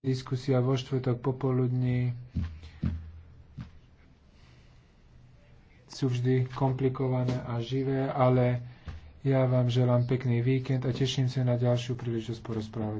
diskusia vo štvrtok popoludní sú vždy komplikované a živé, ale ja vám želám pekný víkend a teším sa na ďalšiu príležitosť porozprávať.